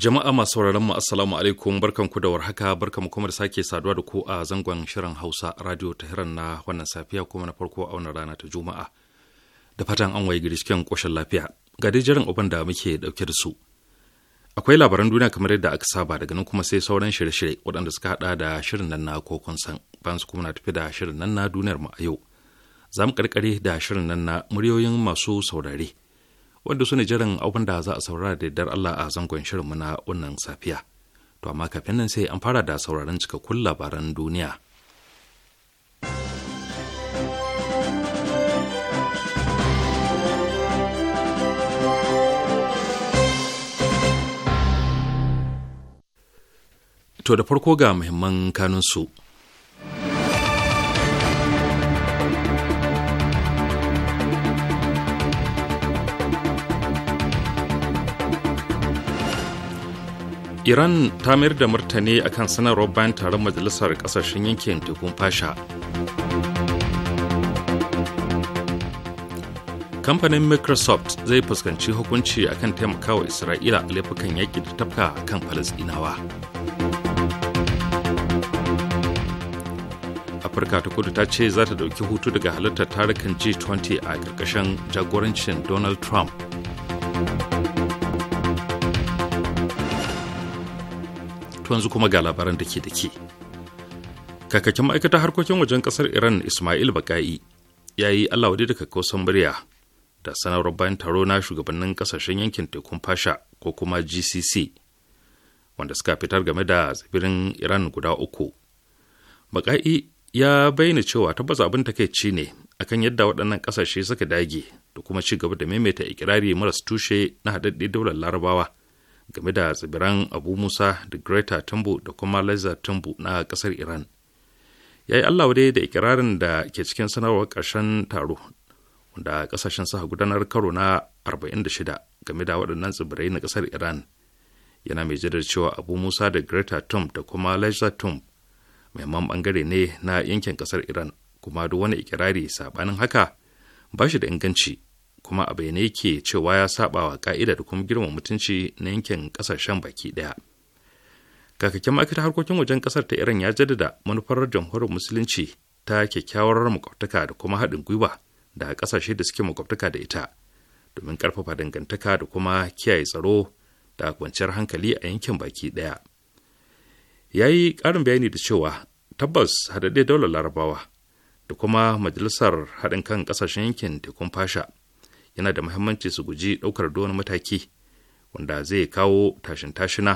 Jama'a masu sauraron mu assalamu alaikum barkanku da warhaka mu kuma da sake saduwa da ku a zangon shirin Hausa Radio Tahiran na wannan safiya kuma na farko a wannan rana ta Juma'a. Da fatan an waye girishken koshin lafiya. Ga dai jiran abin da muke dauke da su. Akwai labaran duniya kamar yadda aka saba daga nan kuma sai sauran shirye-shirye waɗanda suka hada da shirin nan na kokon san bayan su kuma na tafi da shirin nan na duniyar mu a yau. Za mu karkare da shirin nan na muryoyin masu saurare. wanda su ne jiran abin da za a saurara da yardar Allah a zangon shirinmu na wannan safiya. To amma kafin nan sai an fara da sauraron cikakkun labaran duniya. To da farko ga muhimman kanunsu. iran ta mayar da martani akan sanarwar bayan taron majalisar kasashen yankin tekun fasha kamfanin microsoft zai fuskanci hukunci akan taimakawa isra'ila a laifukan yaƙi da tafka kan falasɗinawa afirka ta kudu ta ce za ta ɗauki hutu daga halartar tarukan g20 a ƙarƙashin jagorancin donald trump to yanzu kuma ga labaran da ke da ke. Kakakin ma'aikatar harkokin wajen ƙasar Iran Ismail Baka'i ya yi Allah wadai da kakkausan murya da sanarwar bayan taro na shugabannin kasashen yankin tekun fasha ko kuma GCC wanda suka fitar game da tsibirin Iran guda uku. Baka'i ya bayyana cewa tabbas abin ta takaici ne akan yadda waɗannan ƙasashe suka dage da kuma ci gaba da maimaita ikirari maras tushe na haɗaɗɗe daular larabawa game da tsibiran abu musa da greta tambu da kuma liza tumbu na kasar iran ya yi allah wadai da ikirarin da ke cikin sanarwar ƙarshen taro wanda ƙasashen sa gudanar karo na 46 game da waɗannan tsibirai na kasar iran yana mai jidar cewa abu musa da greta tumb da kuma liza tumb mahimman bangare ne na yankin kasar iran kuma duk wani ikirari sabanin haka ba shi da inganci kuma a bayyane yake cewa ya saba wa ka'ida da kuma girma mutunci na yankin kasashen baki daya kakakken ma'aikatar harkokin wajen kasar ta iran ya jaddada manufar jamhuriyar musulunci ta kyakkyawar makwabtaka da kuma haɗin gwiwa da kasashe da suke makwabtaka da ita domin karfafa dangantaka da kuma kiyaye tsaro da kwanciyar hankali a yankin baki daya ya yi ƙarin bayani da cewa tabbas haɗaɗɗe daular larabawa da kuma majalisar haɗin kan ƙasashen yankin tekun fasha yana da muhimmanci su guji ɗaukar wani mataki wanda zai kawo tashin tashina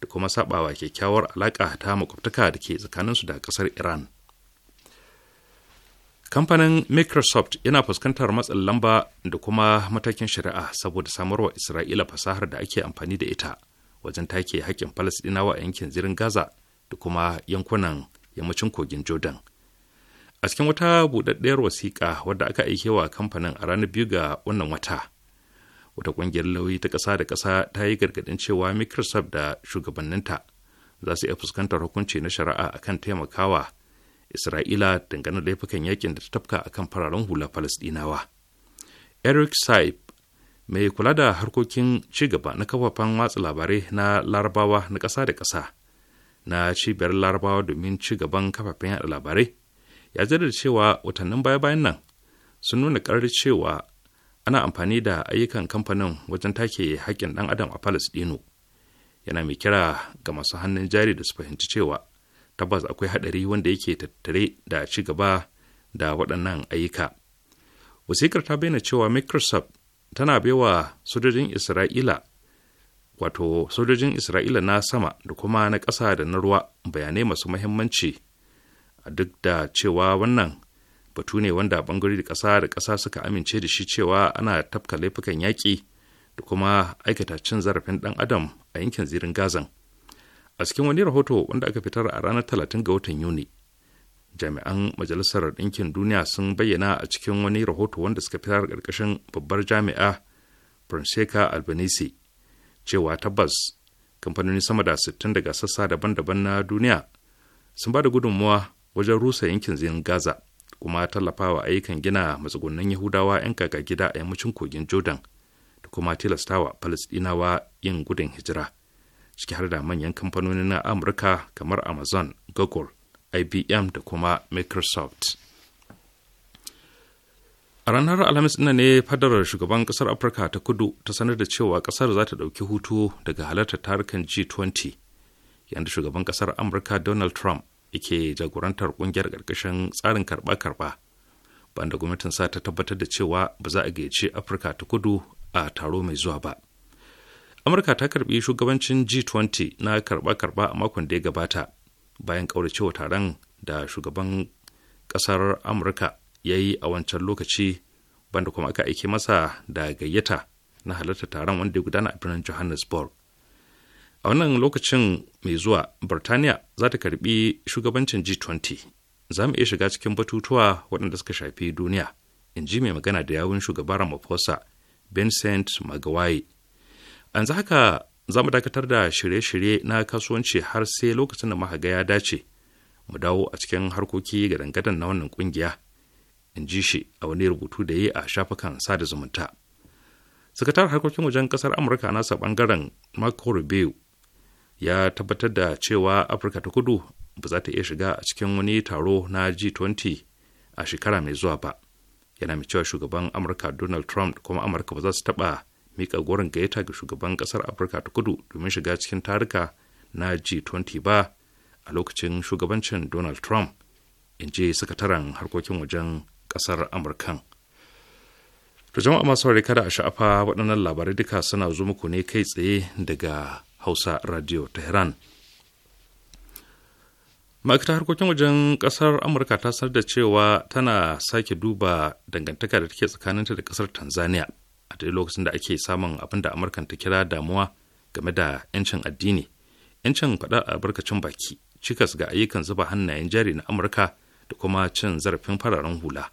da kuma sabawa kyakkyawar alaƙa ta makwabtaka da ke tsakanin su da ƙasar iran kamfanin microsoft yana fuskantar matsin lamba da kuma matakin shari'a saboda samarwa isra'ila fasahar da ake amfani da ita wajen take haƙƙin falasɗinawa a yankin zirin gaza da kuma yankunan yammacin kogin jordan a cikin wata buɗaɗɗiyar wasiƙa wadda aka aike wa kamfanin a ranar biyu ga wannan wata wata ƙungiyar lauyi ta ƙasa da ƙasa ta yi gargaɗin cewa microsoft da shugabanninta za su iya fuskantar hukunci na shari'a akan taimakawa isra'ila dangane da laifukan yakin da ta tafka akan fararen hula falastinawa eric saib mai kula da harkokin ci gaba na kafafen watsa labarai na larabawa na ƙasa da ƙasa na cibiyar larabawa domin ci gaban kafafen yada labarai ya jaddada cewa watannin baya-bayan nan sun nuna ƙarar cewa ana amfani da ayyukan kamfanin wajen take haƙƙin ɗan adam a Falasɗinu. Yana mai kira ga masu hannun jari da su fahimci cewa tabbas akwai haɗari wanda yake tattare da ci gaba da waɗannan ayyuka. Wasikar ta bayyana cewa Microsoft tana baiwa sojojin Isra'ila wato sojojin Isra'ila na sama da kuma na ƙasa da na ruwa bayanai masu muhimmanci duk da cewa wannan batu ne wanda bangare da ƙasa da ƙasa suka amince da shi cewa ana tafka laifukan yaƙi da kuma aikata cin zarafin ɗan adam a yankin zirin gazan a cikin wani rahoto wanda aka fitar a ranar talatin ga watan yuni jami'an majalisar ɗinkin duniya sun bayyana a cikin wani rahoto wanda suka fitar ƙarƙashin babbar jami'a Francesca Albanese cewa tabbas kamfanoni sama da 60 daga sassa daban-daban na duniya sun ba da gudunmuwa wajen rusa yankin zin gaza kuma tallafawa ayyukan gina matsugunan yahudawa 'yan kaga gida a yammacin kogin jordan da kuma tilastawa palestinawa yin gudun hijira ciki har da manyan kamfanoni na amurka kamar amazon google ibm da kuma microsoft a ranar alhamis ɗin ne fadarar shugaban ƙasar afirka ta kudu ta sanar da cewa ƙasar za ta ɗauki hutu daga halartar tarukan g20 yadda shugaban ƙasar amurka donald trump da jagorantar kungiyar ƙarƙashin tsarin karɓa-karɓa banda gwamnatin sa ta tabbatar da cewa ba za a gayyaci afirka ta kudu a taro mai zuwa ba amurka ta karbi shugabancin g20 na karɓa-karɓa a makon da ya gabata bayan ƙauracewa taron da shugaban ƙasar amurka ya yi a wancan lokaci banda kuma aka aike masa da gayyata na halarta taron wanda ya gudana a birnin johannesburg a wannan lokacin mai zuwa birtaniya za ta karbi shugabancin g20 za mu iya shiga cikin batutuwa waɗanda suka shafi duniya in ji mai magana da yawun shugaba ramaphosa vincent magawai an za haka za mu dakatar da shirye-shirye na kasuwanci har sai lokacin da mahaga ya dace mu dawo a cikin harkoki ga dangadan na wannan kungiya in ji shi a wani rubutu da yi a shafukan sada zumunta sakatar harkokin wajen kasar amurka nasa bangaren marco rubio ya tabbatar da cewa afirka ta kudu ba za ta iya shiga a cikin wani taro na g20 a shekara mai zuwa ba yana mai cewa shugaban amurka donald trump kuma amurka ba za su taɓa mika gurin gaita ga shugaban ƙasar afirka ta kudu domin shiga cikin taruka na g20 ba a lokacin shugabancin donald trump in ji sakataren harkokin wajen kasar amurkan to jama'a masu kada a sha'afa waɗannan labarai duka suna zo muku ne kai tsaye daga hausa radio tehran ma'aikatar harkokin wajen kasar amurka ta sanar da cewa tana sake duba dangantaka da take tsakaninta da kasar tanzania a dai lokacin da ake samun abin da amurkan ta kira damuwa game da 'yancin addini 'yancin faɗa albarkacin baki cikas ga ayyukan zuba hannayen jari na amurka da kuma cin zarafin fararen hula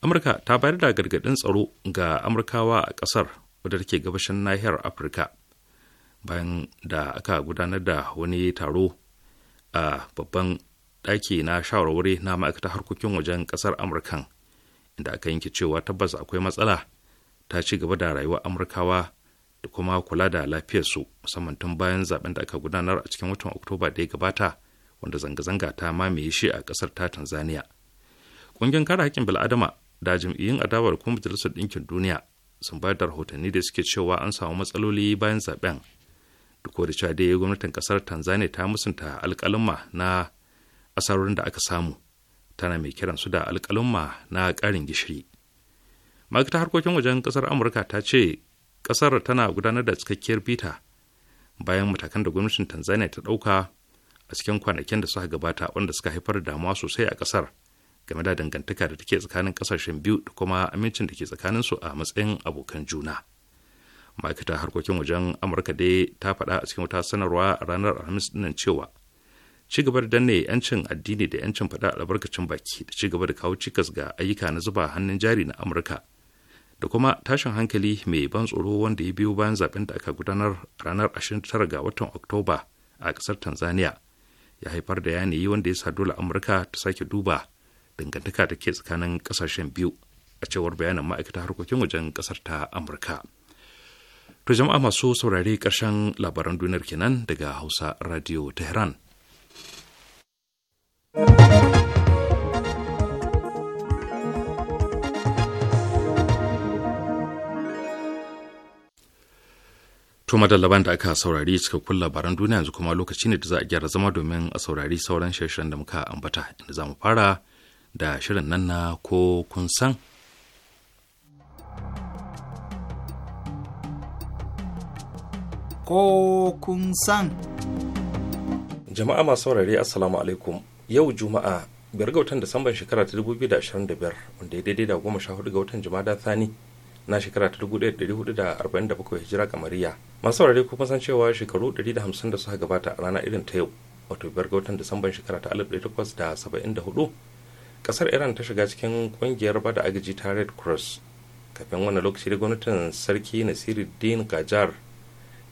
amurka ta bayar da gargaɗin tsaro ga amurkawa a ƙasar wadda take gabashin nahiyar afirka bayan da aka gudanar da wani taro a babban ɗaki na shawarwari na ma'aikatar harkokin wajen ƙasar amurkan inda aka yanke cewa tabbas akwai matsala ta ci gaba da rayuwar amurkawa da kuma kula da lafiyarsu musamman tun bayan zaben da aka gudanar a cikin watan oktoba da ya gabata wanda zanga-zanga ta mamaye shi a ƙasar ta tanzania ƙungiyar kare haƙƙin bil'adama da jam'iyyun adawar kuma majalisar ɗinkin duniya sun bayar da rahotanni da suke cewa an samu matsaloli bayan zaben duk da cewa dai gwamnatin kasar tanzania ta musunta alƙalumma na asarorin da aka samu tana mai kiran su da alƙalumma na ƙarin gishiri ma'aikatar harkokin wajen kasar amurka ta ce ƙasar tana gudanar da cikakkiyar bita bayan matakan da gwamnatin tanzania ta ɗauka a cikin kwanakin da suka gabata wanda suka haifar da damuwa sosai a ƙasar game da dangantaka da take tsakanin kasashen biyu da kuma amincin da ke tsakanin su a matsayin abokan juna. ma'aikatar harkokin wajen amurka dai ta faɗa a cikin wata sanarwa ranar alhamis dinnan cewa ci gaba da danne yancin addini da yancin faɗa albarkacin baki da ci gaba da kawo cikas ga ayyuka na zuba hannun jari na amurka da kuma tashin hankali mai ban tsoro wanda ya biyo bayan zaben da aka gudanar ranar 29 ga watan oktoba a ƙasar tanzania ya haifar da yanayi wanda ya sa dole amurka ta sake duba dangantaka da ke tsakanin kasashen biyu a cewar bayanin ma'aikatar harkokin wajen ƙasar ta amurka To jama'a masu saurari ƙarshen labaran duniyar kenan daga Hausa Radio Tehran. To madallaban da aka saurari cikakkun labaran duniya yanzu kuma lokaci ne da za a gyara zama domin a saurari sauran shirin da muka ambata inda za mu fara da shirin nan na ko kun san. ko kun san. Jama'a masu saurare Assalamu alaikum yau Juma'a biyar ga watan Disamban shekara ta 2025 wanda ya daidai da goma sha hudu ga watan Jumada Thani na shekara ta 1447 hijira kamariya. Masu saurare kuma san cewa shekaru 150 da suka gabata a rana irin ta yau wato biyar ga watan Disamban shekara ta 1874 kasar Iran ta shiga cikin kungiyar bada agaji ta Red Cross kafin wannan lokaci da gwamnatin sarki nasiru din Gajar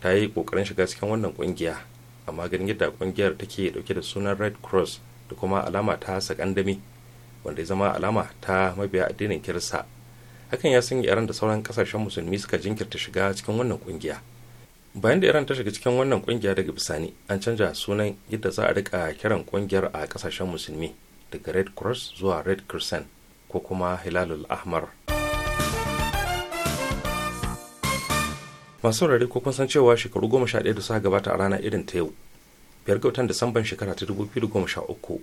ta yi kokarin shiga cikin wannan kungiya amma ganin yadda kungiyar take dauke da sunan red cross da kuma alama ta sakandami wanda ya zama alama ta mabiya addinin kirista hakan ya sanya iran da sauran kasashen musulmi suka jinkirta shiga cikin wannan kungiya bayan da iran ta shiga cikin wannan kungiya daga bisani an canja sunan yadda za a rika kiran kungiyar a kasashen musulmi daga red cross zuwa red crescent ko kuma hilalul ahmar masu saurare ko kun san cewa shekaru goma sha ɗaya da suka gabata a rana irin ta yau biyar ga watan disamban shekara ta dubu biyu goma sha uku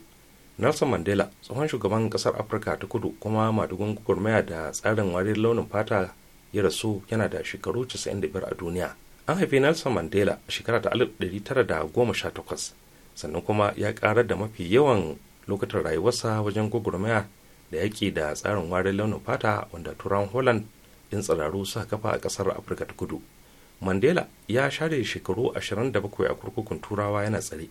nelson mandela tsohon shugaban ƙasar afirka ta kudu kuma madugun gurmaya da tsarin wariyar launin fata ya rasu yana da shekaru biyar a duniya an haifi nelson mandela a shekara ta tara da goma sha takwas sannan kuma ya ƙarar da mafi yawan lokutan rayuwarsa wajen gwagwarmaya da yaƙi da tsarin wariyar launin fata wanda turan holland ɗin tsiraru suka kafa a ƙasar afirka ta kudu mandela ya share shekaru 27 a kurkukun turawa yana tsare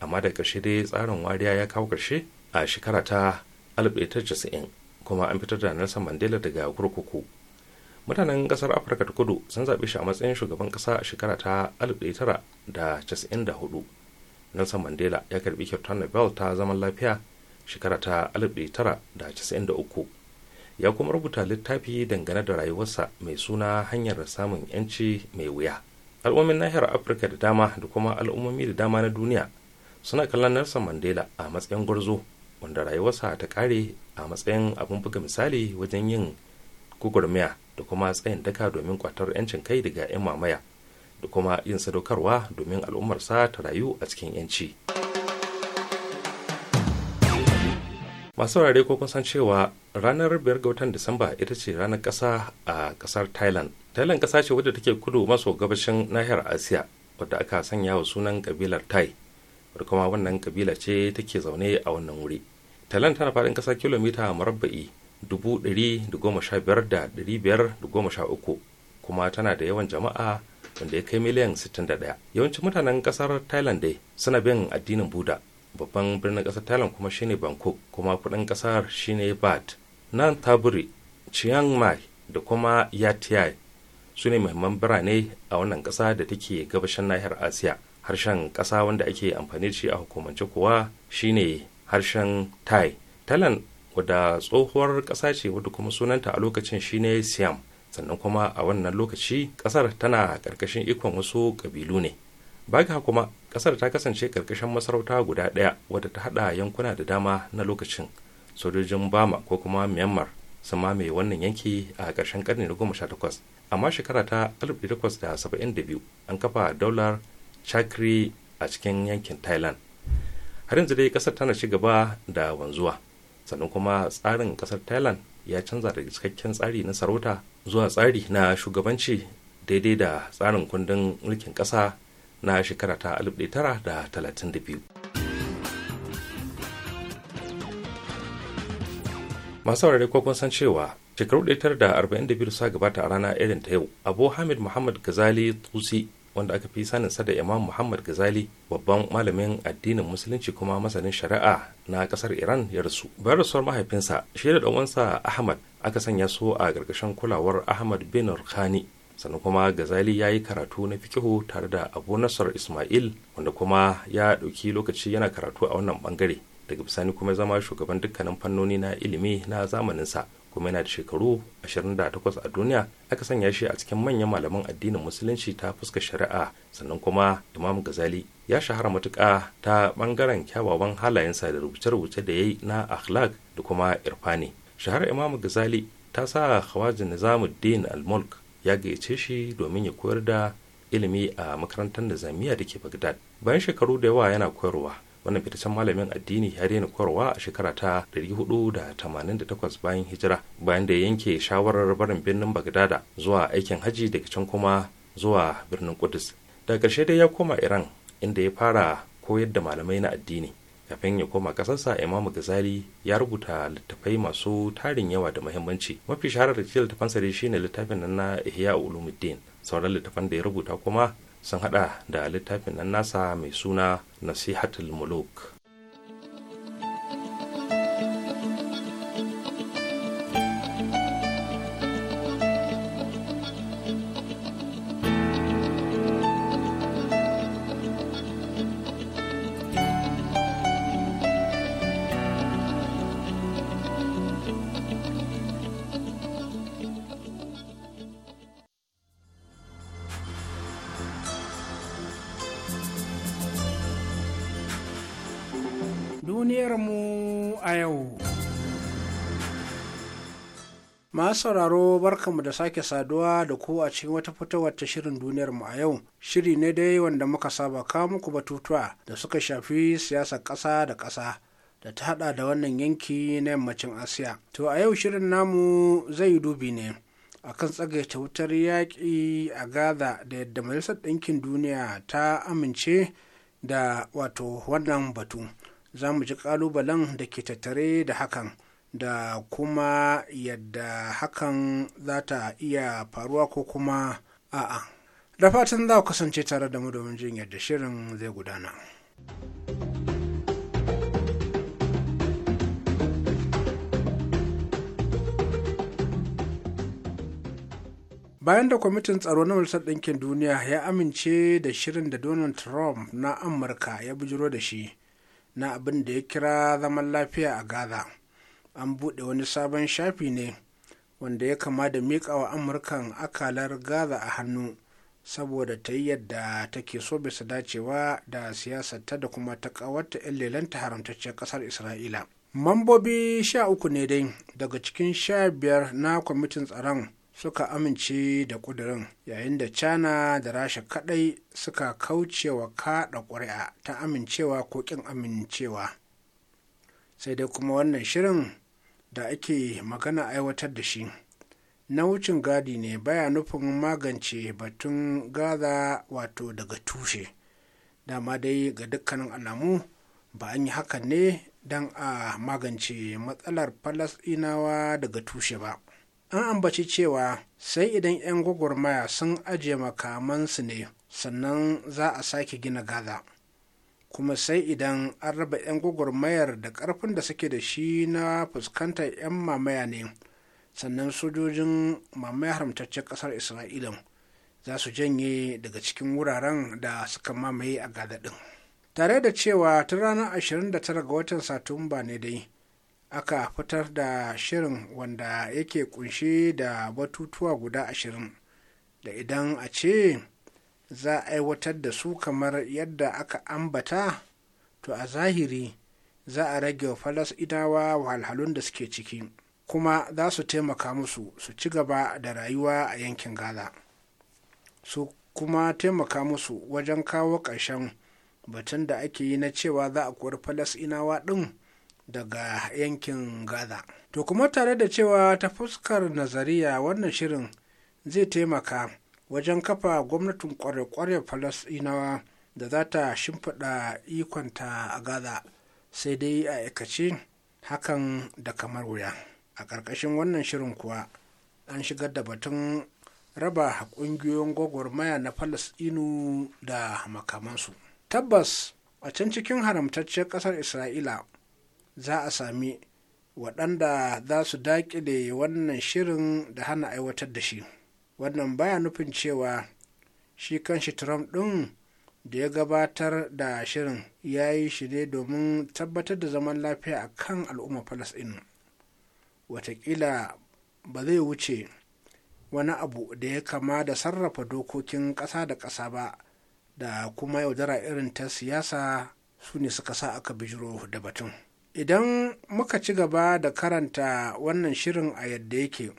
amma da ƙarshe dai tsarin wariya ya kawo ƙarshe a shekara ta 1990 kuma an fitar da nelson mandela daga kurkuku mutanen ƙasar afirka ta kudu sun zaɓi shi a matsayin shugaban ƙasa a shekara ta 1994 nelson mandela ya karɓi kyautar nobel ta zaman lafiya shekara ta 1993 ya kuma rubuta littafi dangane da rayuwarsa mai suna hanyar samun yanci mai wuya al'ummin nahiyar afirka da dama da kuma al'ummomi da dama na duniya suna kallon nelson mandela a matsayin gwarzo wanda rayuwarsa ta kare a matsayin abin buga misali wajen yin gugurmiya da kuma tsayin daka domin kwatar 'yancin kai daga 'yan mamaya da kuma yin sadaukarwa domin al'ummarsa ta rayu a cikin 'yanci. masu rare ko kun san cewa ranar biyar ga watan disamba ita ce ranar kasa a kasar thailand thailand kasa ce wadda take kudu maso gabashin nahiyar asiya wadda aka sanya wa sunan kabilar thai wadda kuma wannan kabila ce take zaune a wannan wuri thailand tana faɗin kasa kilomita murabba'i dubu da goma kuma tana da yawan jama'a wanda ya kai miliyan sittin da ɗaya yawancin mutanen ƙasar thailand dai suna bin addinin buda babban birnin ƙasar thailand kuma shine bangkok kuma kudin ƙasar shine bat nan taburi chiang mai da kuma yatiai su ne muhimman birane a wannan kasa da take gabashin nahiyar asiya harshen kasa wanda ake amfani da shi a hukumance kuwa shine harshen thai thailand wadda tsohuwar kasa ce wadda kuma sunanta a lokacin shine siam sannan kuma a wannan lokaci kasar tana ƙarƙashin ikon wasu ƙabilu ne baga kuma kasar ta kasance karkashin masarauta guda daya wadda ta hada yankuna da dama na lokacin sojojin bama ko kuma myanmar sun mamaye wannan yanki a ƙarshen karni na goma sha takwas amma shekara ta 1872 an kafa daular chakri a cikin yankin thailand har yanzu dai kasar tana ci gaba da wanzuwa sannan kuma tsarin kasar thailand ya canza daga cikakken tsari na sarauta zuwa tsari na shugabanci daidai da tsarin kundin mulkin kasa. na shekara ta 1932 masu saurare ko kun san cewa shekaru 1942 sa gabata a rana irin ta yau abu hamid muhammad gazali tusi wanda aka fi sanin sa da imam muhammad gazali babban malamin addinin musulunci kuma masanin shari'a na kasar iran ya rasu bayan rasuwar mahaifinsa shi da ɗan'uwansa ahmad aka sanya su a ƙarƙashin kulawar ahmad bin rukhani sannan kuma gazali ya yi karatu na fikihu tare da abu nasar ismail wanda kuma ya ɗauki lokaci yana karatu a wannan bangare daga bisani kuma zama shugaban dukkanin fannoni na ilimi na zamaninsa kuma yana da shekaru 28 a duniya aka sanya shi a cikin manyan malaman addinin musulunci ta fuska shari'a sannan kuma imam gazali ya shahara matuka ta ɓangaren kyawawan halayensa da rubuce-rubuce da ya yi na akhlaq da kuma irfani shahara imam gazali ta sa khawajin nizamuddin al-mulk ya gayyace shi domin ya koyar da ilimi a makarantar Zamiya da ke bagdad bayan shekaru da yawa yana koyarwa wannan fitaccen malamin addini ya daina koyarwa a shekara ta 488 bayan hijira bayan da ya yanke shawarar barin birnin bagdada zuwa aikin haji daga can kuma zuwa birnin kudus daga ƙarshe dai ya koma iran inda ya fara koyar da malamai na addini kafin ya koma kasarsa imamu gazali ya rubuta littafai masu tarin yawa da muhimmanci mafi shaharar da littafansa dai shine littafin nan na ihya ulumuddin sauran littafan da ya rubuta kuma sun hada da littafin nan nasa mai suna nasihatul muluk masu sauraro barkanmu da sake saduwa da ku a cikin wata fitowar ta shirin duniyar mu a yau shiri ne dai wanda muka saba kawo muku batutuwa da suka shafi siyasar ƙasa da ƙasa da ta hada da wannan yanki na yammacin asiya to a yau shirin namu zai yi dubi ne akan ta wutar yaƙi a gaza da yadda majalisar ɗinkin duniya ta amince da wato wannan batu za mu ji ƙalubalen da ke tattare da hakan da kuma yadda hakan za ta iya faruwa ko kuma a'a da fatan za ku kasance tare da mu domin jin yadda shirin zai gudana. bayan da kwamitin tsaro na majalisar ɗinkin duniya ya amince da shirin da donald trump na amurka ya bujiro da shi na abin da ya kira zaman lafiya a gaza an buɗe wani sabon shafi ne wanda ya kama da miƙa wa amurkan akalar gaza a hannu saboda ta yi yadda take so bisa dacewa da siyasarta da kuma ta ƙawarta 'yan lelanta haramtacciyar ƙasar isra'ila mambobi sha uku ne dai daga cikin sha biyar na kwamitin tsaron suka amince da ƙudurin yayin da cana da rasha kaɗai suka kaucewa kaɗa ƙuri'a ta amincewa ko ƙin amincewa sai dai kuma wannan shirin da ake magana aiwatar da shi na wucin gadi ne baya nufin magance batun gaza wato daga tushe dama dai ga dukkanin alamu ba an yi hakan ne don a magance matsalar falasɗinawa daga tushe ba an ambaci cewa sai idan 'yan gwagwarmaya sun ajiye makamansu ne sannan za a sake gina gaza kuma sai idan an raba 'yan gwagwarmayar da karfin da suke da shi na fuskantar 'yan mamaya ne sannan sojojin mamaya haramtaccen ƙasar isra'ila za su janye daga cikin wuraren da suka mamaye a gadadin tare da cewa ta ranar 29 ga watan satumba ne dai aka fitar da shirin wanda yake kunshe da batutuwa guda ashirin da idan a ce za a aiwatar da su kamar yadda aka ambata to a zahiri za a rage wa wa wahalhalun da suke ciki kuma za su taimaka musu su ci gaba da rayuwa a yankin gaza su kuma taimaka musu wajen kawo ƙarshen batun da ake yi na cewa za a kori inawa ɗin daga yankin gaza to kuma tare da cewa ta fuskar nazariya wannan shirin zai taimaka wajen kafa gwamnatin kware-kware falasɗinawa da za ta shimfiɗa ikonta a gaza sai dai a aikace hakan da kamar wuya a ƙarƙashin wannan shirin kuwa an shigar da batun raba ƙungiyoyin gwagwarmaya na falasɗinu da makamansu tabbas a can cikin haramtacciyar ƙasar isra'ila za a sami waɗanda za su daƙile wannan shirin da hana aiwatar da shi wannan baya nufin cewa shi kanshi trump ɗin da ya gabatar da shirin ya yi shi ne domin tabbatar da zaman lafiya a kan al'umma falasɗin watakila ba zai wuce wani abu da ya kama da sarrafa dokokin ƙasa da ƙasa ba da kuma yaudara irin ta siyasa su ne suka sa aka bijiro da batun idan muka ci gaba da karanta wannan shirin a yadda yake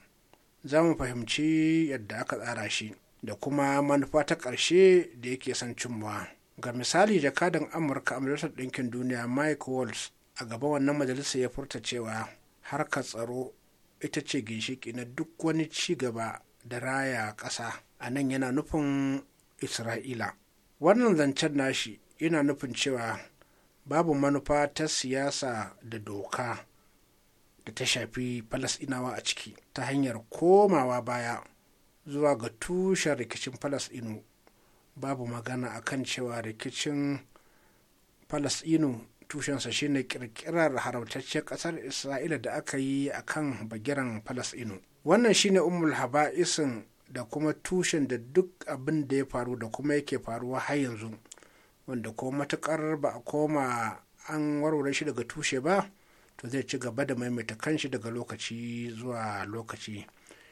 za mu fahimci yadda aka tsara shi da kuma manufa ta ƙarshe da yake son cimmawa ga misali jakadan amurka a majalisar ɗinkin duniya mike waltz a gaba wannan majalisa ya furta cewa ka tsaro ita ce ginshiki na duk wani ci gaba da raya ƙasa a nan yana nufin isra'ila wannan zancen nashi yana nufin cewa babu manufa ta siyasa da doka da ta shafi falasɗinawa a ciki ta hanyar komawa baya zuwa ga tushen rikicin falasɗinu babu magana a kan cewa rikicin falasɗinu tushensa shine kirkirar haramtacciyar ƙasar isra'ila da aka yi a kan bagiran falasɗinu wannan shine umul haba'isin da kuma tushen da duk abin da ya faru da kuma yake faruwa har yanzu wanda ko matukar ba a koma an warware shi daga tushe ba to zai ci gaba da maimaita kanshi daga lokaci zuwa lokaci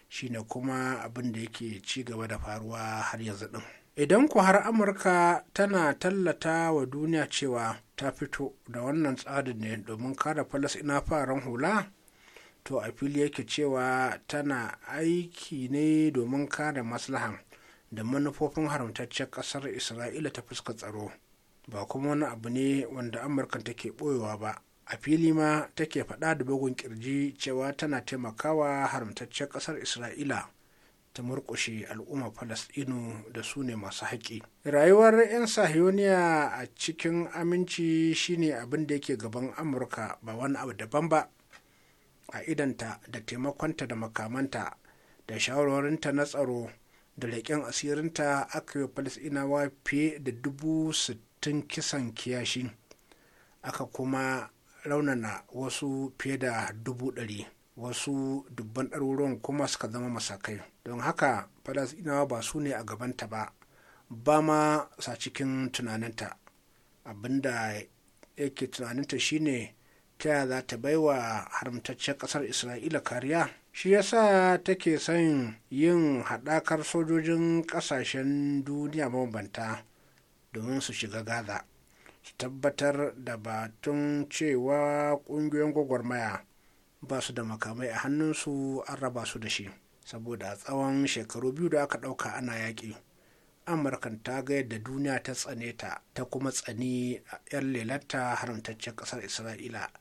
shine kuma abin da yake ci gaba da faruwa har yanzu din idan ku har amurka tana tallata wa duniya cewa ta fito da wannan tsarin ne domin kare falasina faran hula to a fili yake cewa tana aiki ne domin kada maslahan da manufofin haramtaccen kasar isra'ila ta fuska tsaro ba kuma wani abu ne wanda amurkan take boyewa ba a fili ma take faɗa da bugun kirji cewa tana taimakawa haramtaccen ƙasar isra'ila ta murƙushe al'ummar falasɗinu da su ne masu haƙƙi rayuwar 'yan sahiyoniya a cikin aminci shine abin da yake gaban amurka ba wani abu daban ba a idanta da taimakonta da makamanta da shawarwarinta na tsaro da leƙen asirinta aka yi falasɗinawa fiye da dubu sittin kisan kiyashi aka kuma raunana wasu fiye da dubu ɗari wasu dubban ɗaruruwan kuma suka zama masakai don haka falasɗinawa ba su ne a gabanta ba ba ma sa cikin tunaninta abinda yake tunaninta shine ta yaya za ta bai wa haramtaccen ƙasar isra'ila kariya shi yasa take son yin haɗakar sojojin ƙasashen duniya mabambanta domin su shiga gaza su tabbatar da batun cewa ƙungiyoyin gwagwarmaya ba su da makamai a hannunsu an raba su da shi saboda tsawon shekaru biyu da aka ɗauka ana yaƙi amurkan ta ga yadda duniya ta tsane ta ta kuma tsani a 'yan lelata haramtaccen ƙasar isra'ila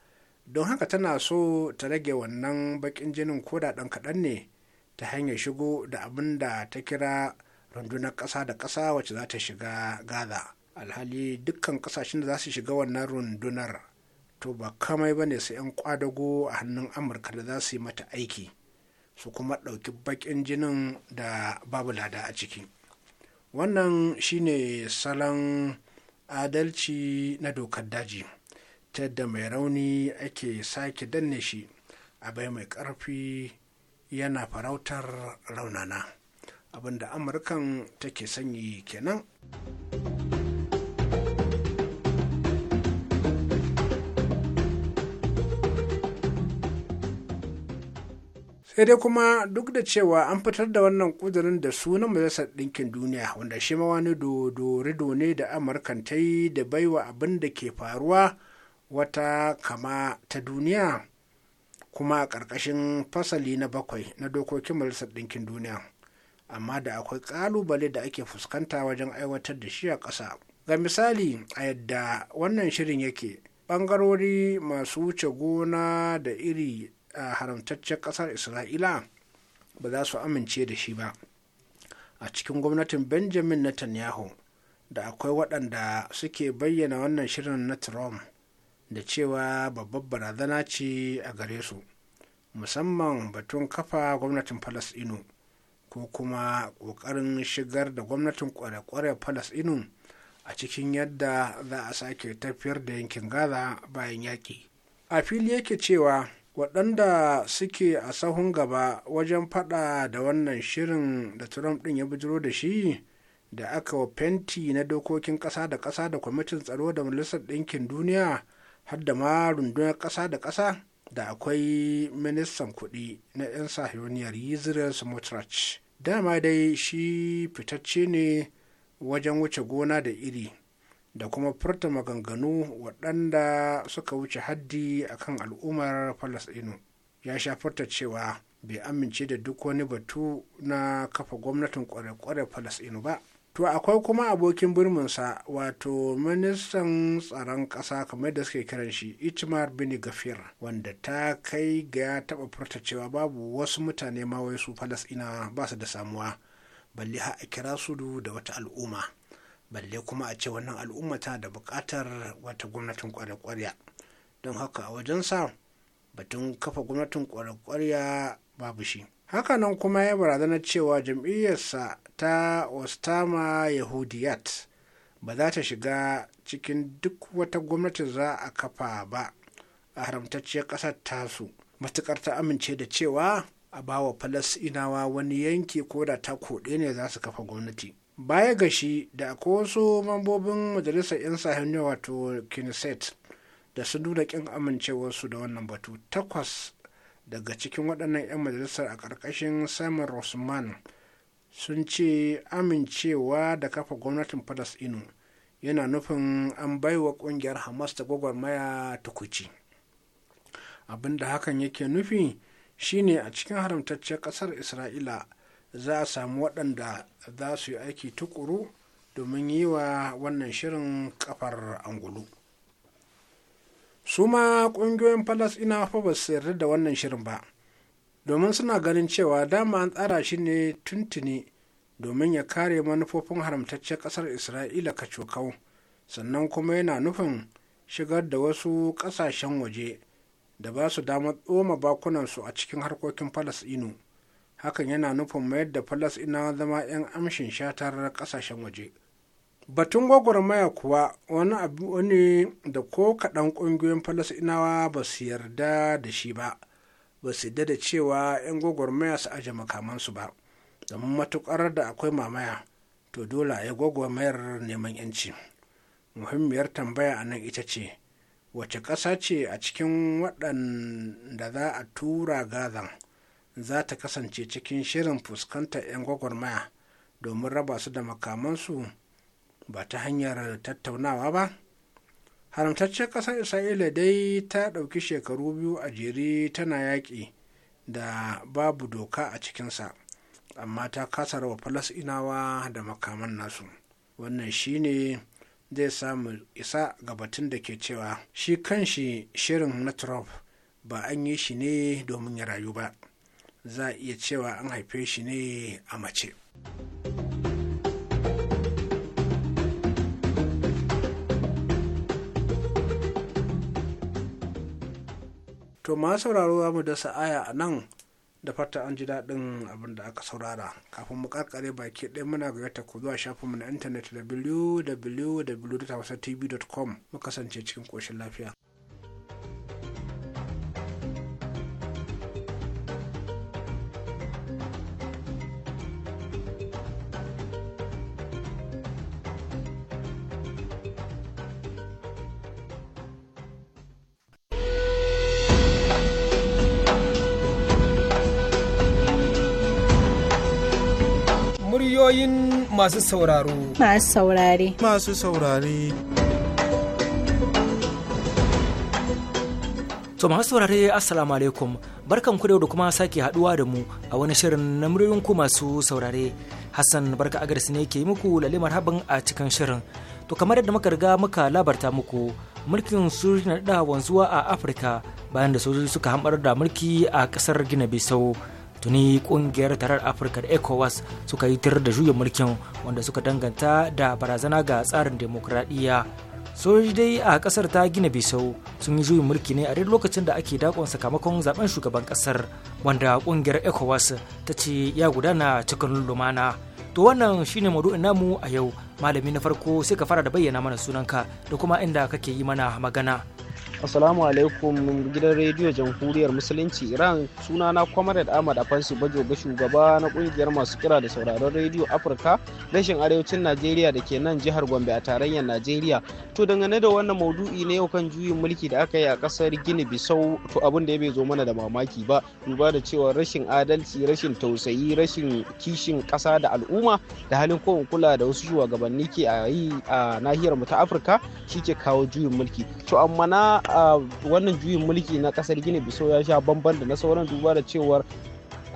don haka tana so ta rage wannan baƙin jinin koda ɗan kaɗan ne ta hanyar shigo da abin da ta kira rundunar ƙasa da ƙasa wacce za ta shiga gaza alhali dukkan kasashen da za su shiga wannan rundunar to ba kamai ba ne su 'yan kwadago a hannun amurka da za su yi mata aiki su kuma ɗauki baƙin jinin da babu lada a ciki wannan shine salon adalci na dokar daji ta yadda mai rauni ake sake danne shi a bai mai ƙarfi yana farautar raunana abinda amurkan take sanyi kenan. sai dai kuma duk da cewa an fitar da wannan kudurin da sunan majalisar ɗinkin duniya wanda shi ma wani dodorido ne da amurkan ta yi da baiwa abin da ke faruwa wata kama ta duniya kuma a ƙarƙashin fasali na bakwai na dokokin majalisar ɗinkin duniya amma da akwai ƙalubale da ake fuskanta wajen aiwatar da shi a ƙasa ga misali a yadda wannan shirin yake ɓangarori masu wuce gona da iri a haramtaccen ƙasar isra'ila ba za su amince da shi ba a cikin gwamnatin benjamin netanyahu da akwai waɗanda suke bayyana wannan shirin na trump da cewa babbar barazana ce a gare su musamman batun kafa gwamnatin falasɗinu ko kuma ƙoƙarin shigar da gwamnatin kware-kware falasɗinu a cikin yadda za a sake tafiyar da yankin gaza bayan yaƙi a fili yake cewa waɗanda suke a sahun gaba wajen faɗa da wannan shirin da trump ɗin ya bujiro da shi da aka wa fenti na dokokin ƙasa da ƙasa da kwamitin tsaro da majalisar ɗinkin duniya har da ma rundunar ƙasa da ƙasa da akwai ministan kuɗi na 'yan sahiyoniyar Israel smotrach dama dai shi fitacce ne wajen wuce gona da iri da kuma furta maganganu waɗanda suka wuce haddi a kan al'ummar falasɗinu ya sha furta cewa bai amince da duk wani batu na kafa gwamnatin kware-kware falasɗinu ba to akwai kuma abokin birminsa wato ministan tsaron ƙasa kamar da suke kiran shi itmar Bini gafir wanda ta kai ga ya taɓa furta cewa babu wasu mutane ma wai su falasɗina ba su da samuwa balle har a kira su da wata al'umma balle kuma a ce wannan al'umma ta da buƙatar wata gwamnatin kwarya-kwarya don haka a wajen sa batun kafa gwamnatin kwarya-kwarya babu shi hakanan kuma ya barazana cewa jam'iyyarsa ta ostama yahudiyat ba za ta shiga cikin duk wata gwamnati za a kafa ba a haramtacciyar ƙasar tasu matuƙar ta amince da cewa a bawa falasinawa wani yanki ko da ta koɗe ne za su kafa gwamnati baya ga shi da akwai wasu mambobin majalisar 'yan sahiyoniya wato knesset da su nuna kin amincewarsu da wannan batu takwas daga cikin waɗannan 'yan majalisar a ƙarƙashin simon rossman sun ce amincewa da kafa gwamnatin Inu yana nufin an baiwa ƙungiyar hamas ta gwagwarmaya tukuci abinda hakan yake nufi shine a cikin haramtacciyar ƙasar isra'ila za a samu waɗanda za su yi aiki tukuru domin yi wa wannan shirin kafar angulu su ma ƙungiyoyin ina fa ba su yarda da wannan shirin ba domin suna ganin cewa dama an tsara shi ne tuntuni domin ya kare manufofin haramtaccen ƙasar isra'ila ka kacokau sannan kuma yana nufin shigar da wasu ƙasashen waje da ba su damar tsoma bakunansu a cikin harkokin falasɗinu hakan yana nufin mayar da falasɗinawa zama 'yan amshin shatar ƙasashen waje batun gwagwarmaya kuwa wani abu ne da ko kaɗan ƙungiyoyin falasɗinawa ba su yarda da shi ba ba su yarda da cewa 'yan gwagwarmaya su aje makamansu ba domin matuƙar da akwai mamaya to dole ya gwagwarmayar neman 'yanci muhimmiyar tambaya a nan ita ce wace ƙasa ce a cikin waɗanda za a tura gazan za ta kasance cikin shirin fuskantar 'yan gwagwarmaya domin raba su da makamansu ba ta hanyar tattaunawa ba haramtaccen ƙasar isra'ila dai ta ɗauki shekaru biyu a jere tana yaƙi da babu doka a cikinsa amma ta kasa rawa falasinawa da makaman nasu wannan shine zai samu isa ga batun da ke cewa shi kanshi shirin na trump ba an yi shi ne domin ya rayu ba za a iya cewa an haife shi ne a mace. To ma sauraro mu da sa'aya a nan da fata an ji daɗin abin da aka saurara. Kafin mu karkare baki ɗaya muna gayyata ku zuwa mu na intanet www.tv.com mu kasance cikin ƙoshin lafiya. Ra'ayoyin masu sauraro. Masu saurare. Masu saurare. To masu saurare Assalamu alaikum barkan ku da kuma sake haduwa da mu a wani shirin na muryoyin ku masu saurare. Hassan barka agarsi ne ke muku lalimar habin a cikin shirin. To kamar yadda muka riga muka labarta muku mulkin sojoji na da wanzuwa a Afirka bayan da sojoji suka hambar da mulki a ƙasar Gina Bisau. tuni kungiyar tarar afirka da ecowas suka yi tirar da juyin mulkin wanda suka danganta da barazana ga tsarin demokradiyya sojoji dai a kasar ta gina bisau sun yi juyin mulki ne a duk lokacin da ake dakon sakamakon zaben shugaban kasar wanda kungiyar ecowas ta ce ya gudana cikin lumana to wannan shine maudu'in namu a yau malami na farko sai ka fara da bayyana mana sunanka da kuma inda kake yi mana magana Assalamu alaikum gidan rediyo jamhuriyar musulunci Iran suna na Comrade Ahmad Afansu Bajo ga shugaba na kungiyar masu kira da sauraron rediyo Afirka rashin arewacin Najeriya da ke nan jihar Gombe a tarayyar Najeriya. To dangane da wannan maudu'i ne yau kan juyin mulki da aka yi a kasar Gini Bisau to abin da ya bai zo mana da mamaki ba duba da cewa rashin adalci rashin tausayi rashin kishin kasa da al'umma da halin kowane kula da wasu shugabanni ke a yi a nahiyar mu ta Afirka shi ke kawo juyin mulki. To amma na a wannan juyin mulki na kasar gini biso ya sha bamban da na sauran duba da cewar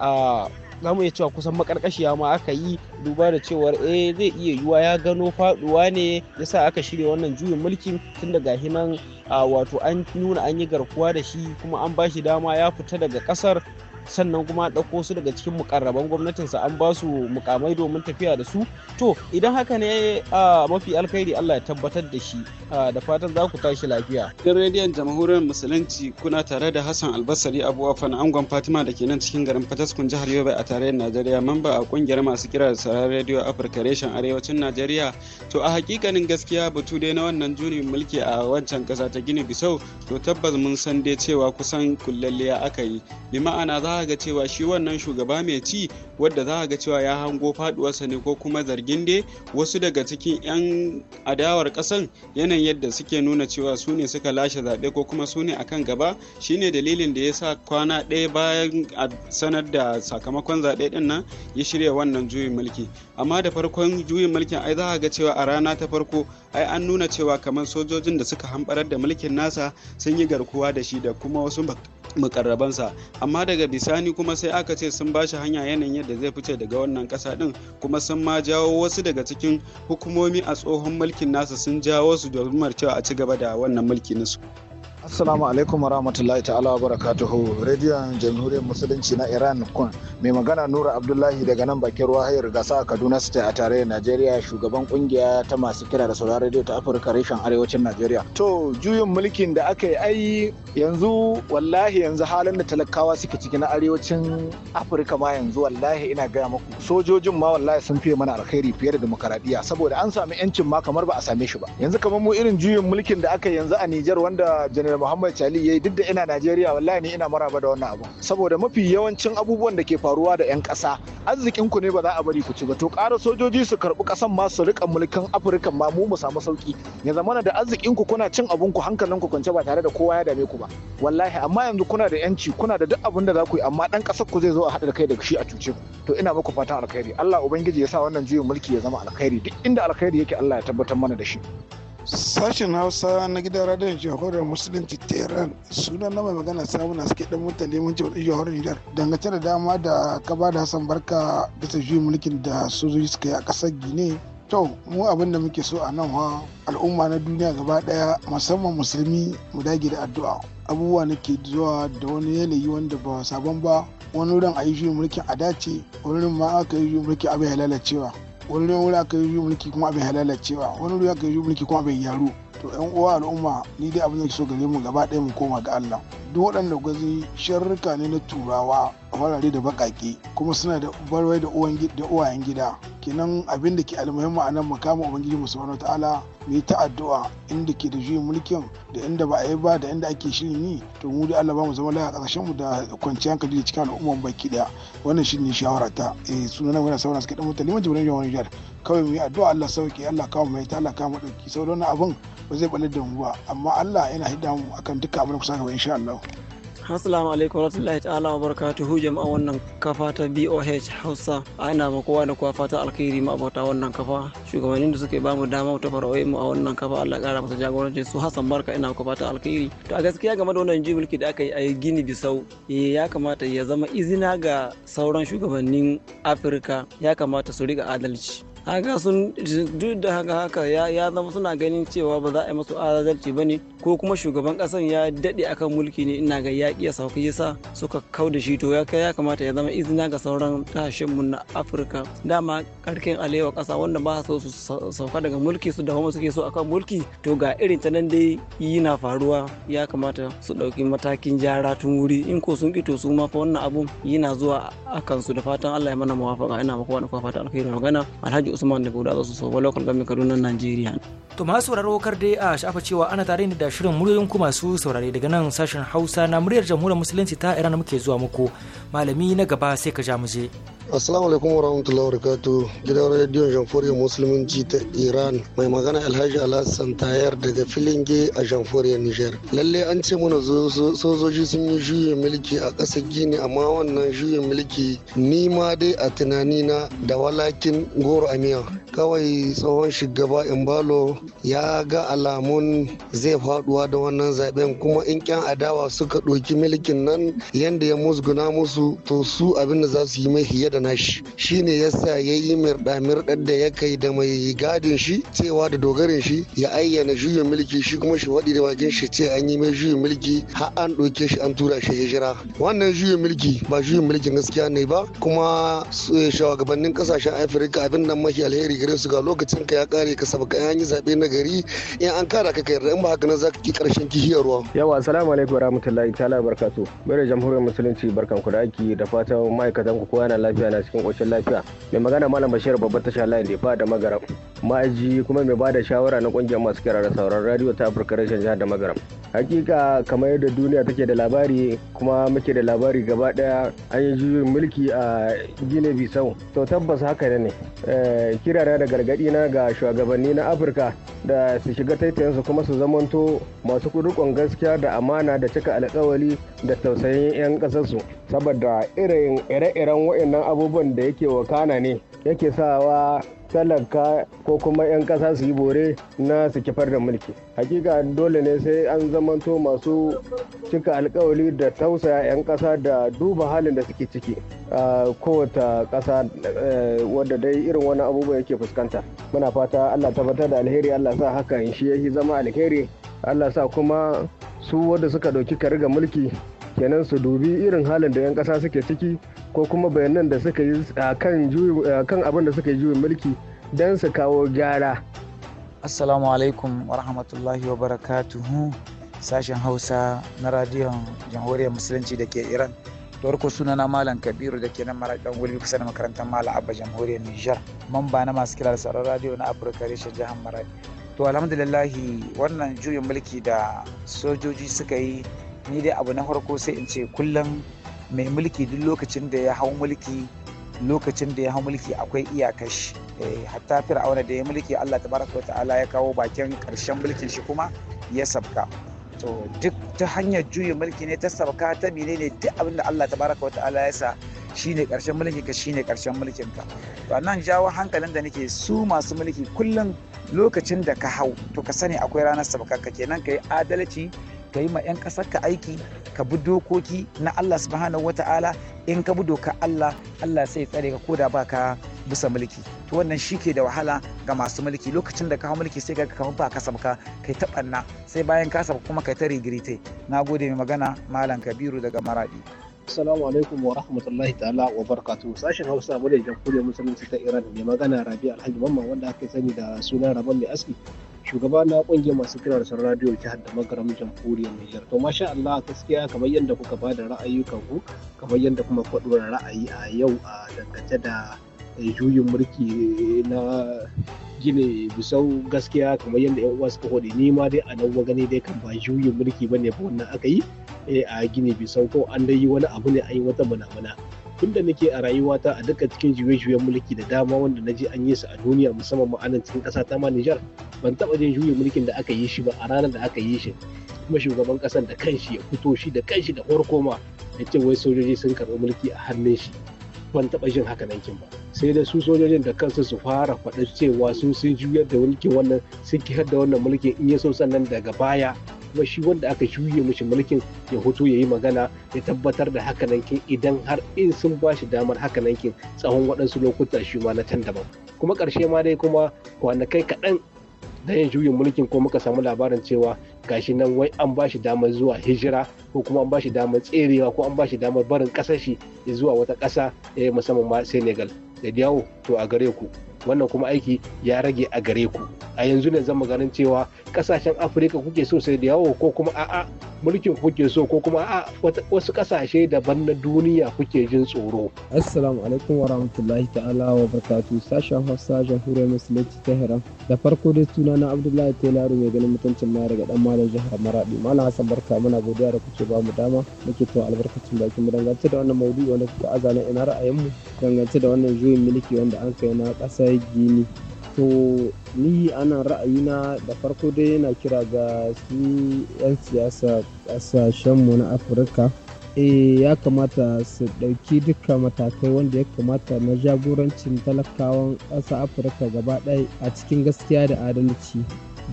a za mu iya cewa kusan makarkashiya ma aka yi duba da cewar eh zai iya yiwuwa ya gano faduwa ne ya sa aka shirya wannan juyin mulki tun daga hinan wato an nuna an yi garkuwa da shi kuma an ba shi dama ya fita daga kasar sannan kuma ɗauko su daga cikin mukarraban gwamnatinsa an ba su mukamai domin tafiya da su to idan haka ne a mafi alkhairi Allah ya tabbatar da shi da fatan za ku tashi lafiya. Gidan rediyon jamhuriyar musulunci kuna tare da Hassan Albasari Abu Afan Angon Fatima da ke nan cikin garin Fataskun jihar Yobe a tarayyar Najeriya mamba a kungiyar masu kira da sauran rediyo Afirka reshen arewacin Najeriya to a hakikanin gaskiya batu dai na wannan junin mulki a wancan kasa ta Gini Bisau to tabbas mun san dai cewa kusan kullalliya aka yi bi ma'ana za za ga cewa shi wannan shugaba mai ci wadda za a ga cewa ya hango faduwarsa ne ko kuma zargin dai wasu daga cikin 'yan adawar kasan yanayin yadda suke nuna cewa su ne suka lashe zaɓe ko kuma su ne kan gaba shine dalilin da ya sa kwana ɗaya bayan a sanar da sakamakon zaɓe ɗin nan ya shirya wannan juyin mulki amma da farkon juyin mulkin ai za a ga cewa a rana ta farko ai an nuna cewa kamar sojojin da suka hamɓarar da mulkin nasa sun yi garkuwa da shi da kuma wasu mukarrabansa amma daga bisani kuma sai aka ce sun ba shi hanya yanayin da zai fice daga wannan ƙasa ɗin kuma sun ma jawo wasu daga cikin hukumomi a tsohon mulkin nasa sun jawo su domin cewa a ci gaba da wannan mulki nasu. Assalamu alaikum wa rahmatullahi ta'ala wa barakatuhu. Rediyon Jamhuriyar Musulunci na Iran kun mai magana Nura Abdullahi daga nan bakin ruwa hayar gasa a Kaduna State a tare Najeriya shugaban kungiya ta masu kira da sauran radio ta Afirka reshen arewacin Najeriya. To juyin mulkin da aka yi yanzu wallahi yanzu halin da talakawa suke ciki na arewacin Afirka ma yanzu wallahi ina gaya muku sojojin ma wallahi sun fiye mana alkhairi fiye da demokaradiyya saboda an sami yancin ma kamar ba a same shi ba. Yanzu kamar mu irin juyin mulkin da aka yi yanzu a Nijar wanda General da Muhammad Chali yayi duk da ina Najeriya wallahi ni ina maraba da wannan abu saboda mafi yawancin abubuwan da ke faruwa da 'yan kasa arzikin ku ne ba za a bari ku ci ba to ƙara sojoji su karɓi ƙasan ma su rika mulkin Afirka ma mu mu samu sauki ya zama da arzikin ku kuna cin abun ku hankalin ku kwance ba tare da kowa ya dame ku ba wallahi amma yanzu kuna da yanci kuna da duk abin da za ku yi amma dan kasar ku zai zo a haɗa kai da shi a cuce ku to ina muku fatan alkhairi Allah ubangiji ya sa wannan juyin mulki ya zama alkhairi duk inda alkhairi yake Allah ya tabbatar mana da shi sashen hausa na gidan radiyon jihohar musulun musulunci tehran sunan na mai magana samuna suke dan mutane mun wani iya horon nijar dangace da dama da ka ba da hassan barka da ta juyi mulkin da sojoji suka yi a kasar gine to mu abin da muke so a nan wa al'umma na duniya gaba daya musamman musulmi mu dage da addu'a abubuwa nake zuwa da wani yanayi wanda ba sabon ba wani wurin a yi juyi mulkin a dace wani wurin ma aka yi mulki mulkin abin halalacewa wani wurin aka yi juyi mulki kuma abin halalacewa wani wurin aka yi juyi mulki kuma abin yaro to yan uwa al'umma ni dai abin da so gare mu gaba ɗaya mu koma ga Allah duk waɗanda gwazi sharruka ne na turawa farare da baƙaƙe kuma suna da barwai da uwayen gida kenan abin da ke almuhimmi a nan mu ubangiji mu subhanahu ta'ala mu yi ta'addu'a inda ke da juyin mulkin da inda ba a yi ba da inda ake shirin yi to mu dai Allah ba mu zama lafiya ƙarshen mu da kwanciyar hankali da cikin al'umman baki daya wannan shi ne shawara ta eh nan wani sauran suka dan mutane mun jibrin jawon jihar kawai mu yi addu'a Allah sauke Allah kawo mai ta Allah kawo mu dauki sauran abin ba zai balle da ba amma Allah yana hidda mu akan duka abin da kusa gaba insha Allah Assalamu alaikum warahmatullahi ta'ala wa barakatuhu jama'a wannan kafa ta BOH Hausa ana ma kowa da kowa fata alkhairi ma abota wannan kafa shugabannin da suke bamu dama ta farawai mu a wannan kafa Allah kara masa jagoranci su Hassan Barka ina ku fata alkhairi to a gaskiya game da wannan jimilki da aka yi a Gini Bisau eh, ya kamata ya zama izina ga sauran shugabannin Afirka ya kamata su riga adalci haka sun duk da haka haka ya zama suna ganin cewa ba za a yi masu adalci ba ne ko kuma shugaban kasan ya daɗe akan mulki ne ina ga ya iya ya yasa suka kau da shi to ya kai ya kamata ya zama izina ga sauran kasashen mu na afirka dama karkin alewa kasa wanda ba so su sauka daga mulki su da kuma suke so akan mulki to ga irin ta nan dai yi na faruwa ya kamata su ɗauki matakin jara tun wuri in ko sun kito su ma fa wannan abun yana zuwa akan su da fatan Allah ya mana muwafaka ina maka wani fatan alkhairi magana alhaji usman da wuda su so lokal game kaduna najeriya to masu sauraro kar dai a shafa cewa ana tare ni da shirin muryoyin ku masu saurare daga nan sashen hausa na muryar jamhuriyar musulunci ta iran muke zuwa muku malami na gaba sai ka ja mu je. Assalamu alaikum wa rahmatullahi wa barakatu gidan rediyon janfuriya musulunci ta Iran mai magana Alhaji Alhassan Tayar daga filin Filinge a janfuriya Nijar. Lalle an ce mana sojoji sun yi juyin mulki a ƙasar Gini amma wannan juyin mulki ni ma dai a tunani na da walakin goro miya. Kawai tsohon shugaba balo ya ga alamun zai faduwa da wannan zaben kuma in kyan adawa suka ɗauki mulkin nan yanda ya musguna musu to su abin da za su yi mai da nashi shine yasa ya yi mirɗa da ya kai da mai gadin shi cewa da dogarin shi ya ayyana juyin mulki shi kuma shi waɗi da wakin shi ce an yi mai juyin mulki har an ɗauke shi an tura shi hijira wannan juyin mulki ba juyin mulkin gaskiya ne ba kuma eh, shugabannin kasashen afirka abin nan mafi alheri gare su ga lokacin ka ya kare ka sabu an yi zaɓe na gari in an kara ka yarda in ba haka nan za ki ƙarshen kihiyarwa. ruwa. yawa assalamu alaikum rahmatullahi ta'ala barkatu bai da jamhuriyar musulunci barkan ku da da fatan ma'aikatan ku kowa na lafiya duniya na cikin ƙoshin lafiya mai magana malam bashir babbar tasha layin defa da magaram ma'aji kuma mai bada shawara na ƙungiyar masu kirara sauran radio ta afirka rashin jihar da magaram hakika kamar yadda duniya take da labari kuma muke da labari gaba daya an yi juyin mulki a gine bisau to tabbas haka ne eh, kirana da gargadi na ga shugabanni na afirka da su shiga taitayensu kuma su zamanto masu kudurkon gaskiya da amana da cika alkawali da tausayin 'yan kasarsu saboda irin ire-iren waɗannan abubuwan da yake wakana ne yake sawa talaka ko kuma 'yan kasa su yi bore na su kifar da mulki hakika dole ne sai an zamanto masu cika alkawali da tausaya 'yan kasa da duba halin da suke ciki a kowata ƙasa eh, wadda dai irin wani abubuwa yake fuskanta muna fata allah tabbatar da alheri allah sa haka shi ya zama alheri allah sa kuma su wadda suka ɗauki kariga mulki kenan su dubi irin halin da 'yan kasa suke ciki ko kuma bayanan da suka yi kan abin da suka yi juyin mulki don su kawo gyara assalamu alaikum warahmatullahi barakatuhu sashen hausa na radiyon jamhuriyar musulunci da ke iran farko suna na malam kabiru da ke nan mara dan kusa da makarantar malam abba jamhuriyar nijar mamba na masu kira da sauran radiyo na afirka reshen jihar maradi to alhamdulillahi wannan juyin mulki da sojoji suka yi ni dai abu na farko sai in ce kullum mai mulki duk lokacin da ya hau mulki lokacin da ya hau mulki akwai iyakashi eh, hatta fir'auna da ya mulki Allah tabaraka ta'ala ya kawo bakin karshen mulkin shi kuma ya sabka to duk ta hanyar juyi mulki ne ta sabka ta menene duk abin da Allah tabaraka ta'ala ya sa shine karshen mulkin ka Shi ne karshen mulkin ka to nan jawo hankalin da nake su masu mulki kullum lokacin da ka hau to ka sani akwai ranar sabka ka kenan ka yi adalci ka yi ma 'yan ƙasar ka aiki ka bi dokoki na Allah subhanahu wa ta'ala in ka bi doka Allah Allah sai ya tsare ka ko ba ka bisa mulki to wannan shi ke da wahala ga masu mulki lokacin da ka hau mulki sai ka kama ba ka sabka kai ta banna sai bayan ka sabka kuma kai ta rigirite na gode mai magana malam kabiru daga maradi Assalamu alaikum wa rahmatullahi ta'ala wa barkatu. Sashen Hausa mu da Jamhuriyar Musulunci ta Iran mai magana Rabi Alhaji Mamman wanda aka sani da sunan Rabon Mai Aski shugaba na kungiyar masu kiran sun radiyo ta da magaram jamhuriyar Nijar. To masha Allah gaskiya kamar yadda kuka ba da ra'ayyukan ku kamar yadda kuma ku ra'ayi a yau a dangance da eh, juyin mulki na gine bisau gaskiya kamar yadda yan uwa suka hode ni ma dai a nan gani dai kan ba juyin mulki bane ba wannan aka yi eh, a gine bisau ko an dai yi wani abu ne a yi wata mana-mana tun da nake a rayuwata a duka cikin juye-juyen mulki da dama wanda na je an yi su a duniya musamman ma anan cikin ƙasa ta ma Nijar ban taba jin juye mulkin da aka yi shi ba a ranar da aka yi shi kuma shugaban ƙasar da kanshi ya fito shi da kanshi da farko ma ya ce wai sojoji sun karɓi mulki a hannun shi ban taɓa jin haka nan kin ba sai da su sojojin da kansu su fara faɗa cewa su sun juyar da mulkin wannan sun kihar da wannan mulkin in ya so sannan daga baya kuma shi wanda aka juye mishi mulkin ya hoto ya yi magana ya tabbatar da haka hakanankin idan har in sun ba shi damar nankin tsawon waɗansu lokuta shi ma na can daban kuma ƙarshe ma dai kuma kwanakai kaɗan da yin juye mulkin ko muka samu labarin cewa gashi nan wai an ba shi damar zuwa hijira ko kuma an ba shi damar tserewa ko an ba shi damar barin ƙasar shi ya zuwa wata ƙasa eh, musamman ma senegal da yawo to a gare ku wannan kuma aiki ya rage a gare ku a yanzu ne zan ganin cewa kasashen afirka kuke so sai da yawo ko kuma a'a mulkin kuke so ko kuma a'a wasu kasashe daban na duniya kuke jin tsoro assalamu alaikum wa rahmatullahi ta'ala wa barkatu sashen hausa jamhuriyar musulunci ta hira. da farko dai suna na abdullahi tailaru mai ganin mutuncin ma ga dan malam jihar maradi malam hassan barka mana godiya da kuke ba mu dama muke to albarkacin bakin mu dangance da wannan maudu'i wanda kuka azana ina ra'ayin mu dangance da wannan juyin mulki wanda an kai na kasar gini To ni ana ra'ayina da farko dai yana kira ga su 'yan siyasa ƙasashenmu na Afirka. eh ya kamata su ɗauki duka matakai wanda ya kamata na jagorancin talakawan ƙasa afirka gaba ɗaya a cikin gaskiya da adalci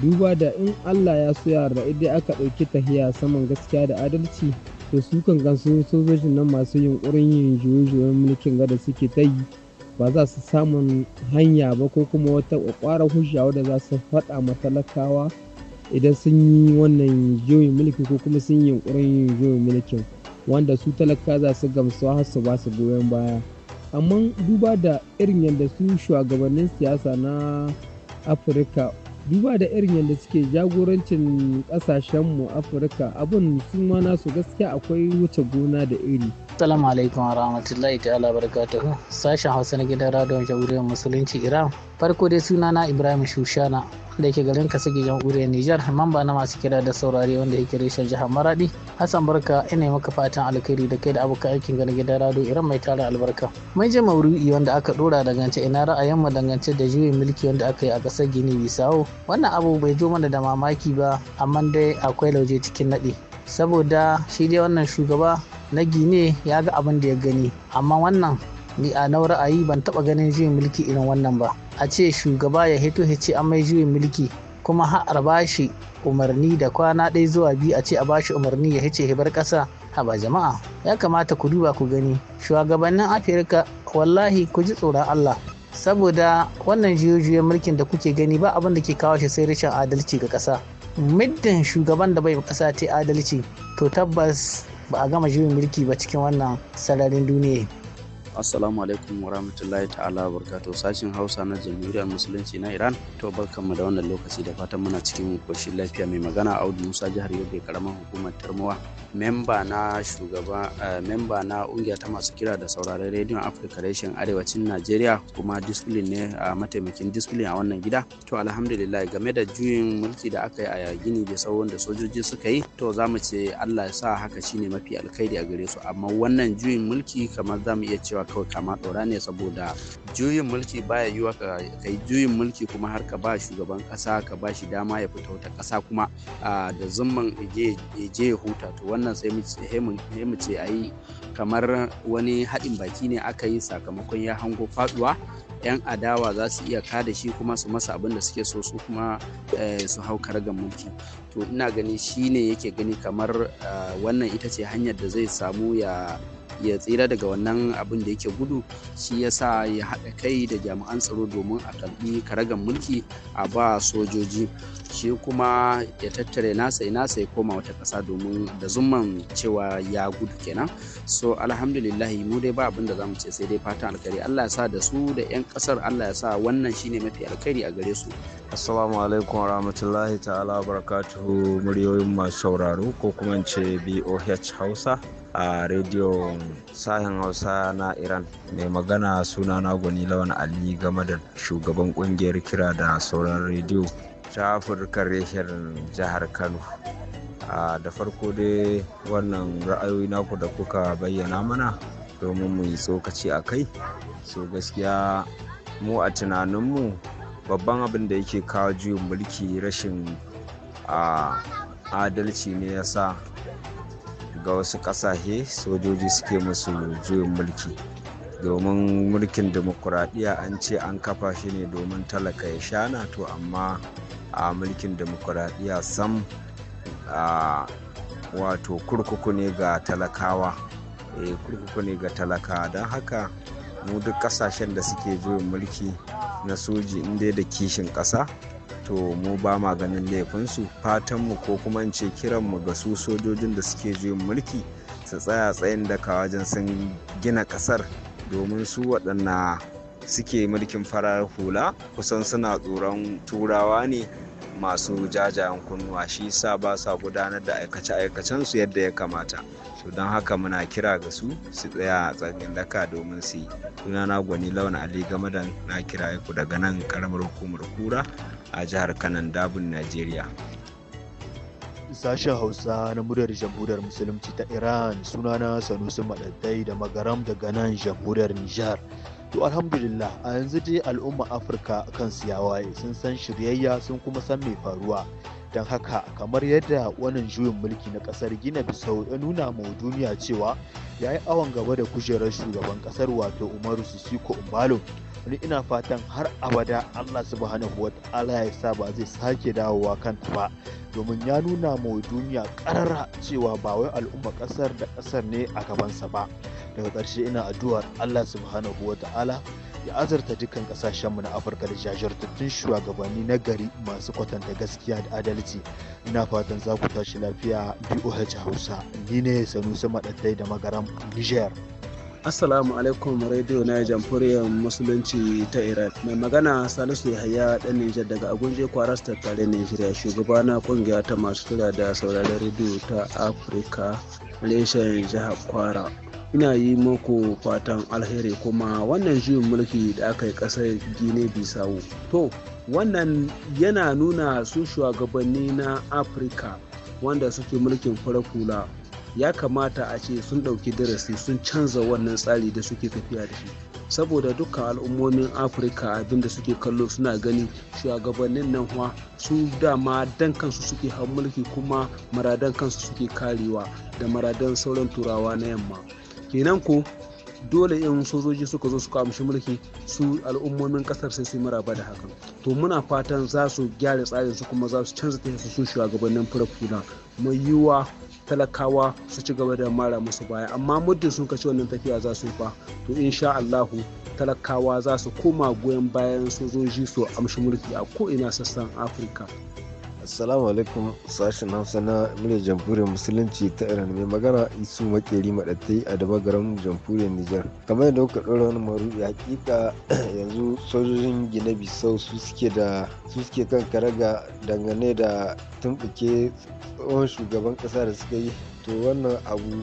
duba da in allah ya so yarda idan aka ɗauki tahiya saman gaskiya da adalci to su kan gansu sojojin nan masu yunƙurin yin juyoyin mulkin gada suke ta yi ba za su samun hanya ba ko kuma wata kwakwara hujja wadda za su faɗa matalakawa idan sun yi wannan juyin mulki ko kuma sun yi yunƙurin yin juyin mulkin wanda su talaka za su gamsuwa har su ba su goyon baya amma duba da irin yadda su shugabannin siyasa na afirka duba da irin yadda suke jagorancin kasashenmu afirka abin su ma nasu gaskiya akwai wuce gona da iri Assalamu alaikum warahmatullahi ta'ala barakatuhu. Sashen Hausa na gidan radon Jamhuriyar Musulunci Iran. Farko dai sunana Ibrahim Shushana da yake garin Kasige Jamhuriyar Nijar, mamba na masu kira da saurari wanda yake reshen jihar Maradi. Hassan Barka ina maka fatan alkhairi da kai da abokan aikin gani gidan rado Iran mai tara albarka. Mai je mauru'i wanda aka dora dangance ina ra'ayin mu dangance da juyin mulki wanda aka yi a kasar Gini Bisau. Wannan abu bai zo mana da mamaki ba, amma dai akwai lauje cikin naɗi. Saboda shi dai wannan shugaba na gine ya ga abin da ya gani amma wannan ni a na ra'ayi ban taba ganin juyin mulki irin wannan ba a ce shugaba ya hito ya ce an mai juyin mulki kuma har bashi umarni da kwana ɗaya zuwa biyu a ce a bashi umarni ya hice hibar ƙasa ba jama'a ya kamata ku duba ku gani shugabannin afirka wallahi ku ji tsoron allah saboda wannan juyoyin mulkin da kuke gani ba abin da ke kawo shi sai rashin adalci ga ƙasa muddin shugaban da bai ƙasa ta adalci to tabbas ba a gama juyin mulki ba cikin wannan sararin duniya Assalamu alaikum wa rahmatullahi ta'ala wa sashin Hausa na Jamhuriyar Musulunci na Iran. To barkanmu da wannan lokaci da fatan muna cikin koshin lafiya mai magana Audu Musa jihar Yobe karamar hukumar Tarmowa memba na shugaba eh, memba na ta masu kira da sauraron rediyon afirka reshen arewacin najeriya kuma disiplin ne a eh, mataimakin disiplin a wannan gida to alhamdulillah game da juyin mulki da aka yi a gini da sauran da sojoji suka yi to za mu ce allah ya sa haka shine mafi alkhairi a gare su amma wannan juyin mulki kamar za mu iya cewa kawai kama ɗora ne saboda juyin mulki baya yiwa ka yi juyin mulki kuma har ka ba shugaban kasa ka ba shi dama ya fita wata kasa kuma ah, da zumman ya je ya huta to wannan wannan sai mu ce a yi kamar wani haɗin baki ne aka yi sakamakon ya hango faduwa 'yan adawa za su iya kada shi kuma su masa abin da suke so su kuma eh, su hau karagar mulki to ina gani shi ne yake gani kamar eh, wannan ita ce hanyar da zai samu ya ya tsira daga wannan abin da yake gudu shi ya sa ya haɗa kai da jami'an tsaro domin a karɓi karagan mulki a ba sojoji shi kuma ya tattare nasa nasa ya koma wata ƙasa domin da zumman cewa ya gudu kenan so alhamdulillahi mu dai ba abin da zamu ce sai dai fatan alkhairi Allah ya sa da su da 'yan ƙasar Allah ya sa wannan shine mafi alkhairi a gare su assalamu alaikum warahmatullahi ta'ala barakatuhu muryoyin masu sauraro ko kuma ce boh hausa a radio sahin hausa na iran mai magana suna na lawan ali game da shugaban kungiyar kira da sauran rediyo ta afirka reshen jihar kano da farko dai wannan ra'ayoyi naku da kuka bayyana mana domin mu yi tsokaci a kai so gaskiya mu a tunaninmu babban abin da yake kawo juyin mulki rashin a adalci ne ya sa ga wasu ƙasashe sojoji suke musu juyin mulki domin mulkin demokuraɗiyya an ce an kafa shi ne domin talaka ya shana to amma a mulkin demokuraɗiyya sam a wato kurkuku ne ga talakawa e, kurkuku ne ga talakawa don haka mu duk ƙasashen da suke juyin mulki na soji inda da kishin ƙasa to mu ba ma ganin laifinsu fatanmu ko kuma in ce kiranmu ga su sojojin da suke juyin mulki su tsaya tsayin daka wajen sun gina ƙasar domin su waɗanna suke mulkin farar hula kusan suna tsoron turawa ne masu jajayen kunnuwa shi sa ba sa gudanar da aikace su yadda ya kamata to don haka muna kira ga su su tsaya a tsakin daka domin su yi sunana gwani launa ali da na kira ku daga nan karamar hukumar kura a jihar kanan dabun najeriya sashen hausa na muryar jamhuriyar musulunci ta iran suna na sanusi maɗaɗai da magaram daga nan jamhuriyar nijar to alhamdulillah a yanzu dai al'umma afirka kan siyawaye sun san shiryayya sun kuma san mai faruwa don haka kamar yadda wannan juyin mulki na kasar gina bisau ya nuna ma duniya cewa ya yi awon gaba da kujerar shugaban kasar wato umaru sisiko umbalo wani ina fatan har abada allah subhanahu wa ta'ala ya sa ba zai sake dawowa kanta ba domin ya nuna ma duniya karara cewa ba wai al'umma kasar da kasar ne a gabansa ba daga ƙarshe ina addu'ar allah subhanahu wa ta'ala ya azurta dukkan kasashenmu na afirka da jajirtattun shugabanni na gari masu kwatanta gaskiya da adalci ina fatan za ku tashi lafiya boh hausa ni ne sanusi maɗattai da magaram niger Assalamu alaikum Radio na Jamhuriyar Musulunci ta Iran. Mai magana Salisu Yahaya dan niger daga Agunje Kwaras tare nigeria shugaba na kungiya ta masu kira da sauraron radio ta Afirka, leshen jihar Kwara. ina yi muku fatan alheri kuma wannan juyin mulki da aka yi ƙasar gine bisawu to wannan yana nuna su shugabanni na afirka wanda suke mulkin farakula ya kamata a ce sun ɗauki darasi sun canza wannan tsari da suke tafiya da shi saboda duka al'ummomin afirka abinda suke kallo suna gani shugabannin nan wa su dama dan kansu suke mulki kuma maradan kansu suke karewa da maradan sauran turawa na yamma kenan ko dole in sojoji suka zo suka amshi mulki su al'ummomin kasar sai su maraba da hakan to muna fatan za su gyara tsarin su kuma za su canza ta su shugabannin farafuna mai yiwa talakawa su ci gaba da mara musu baya amma muddin sun kaci wannan tafiya za su fa to insha Allahu talakawa za su koma goyon bayan sojoji su amshi mulki a ko'ina sassan Afirka Assalamu alaikum sashen Hausa na murya jamhuriyar musulunci ta Iran mai magana Isu Makeri Madattai a daba garin jamhuriyar Nijar. Kamar yadda kuka ɗora wani ya hakika yanzu sojojin Gine bisau su suke da su suke kan karaga dangane da tumɓuke tsohon shugaban ƙasa da suka yi to wannan abu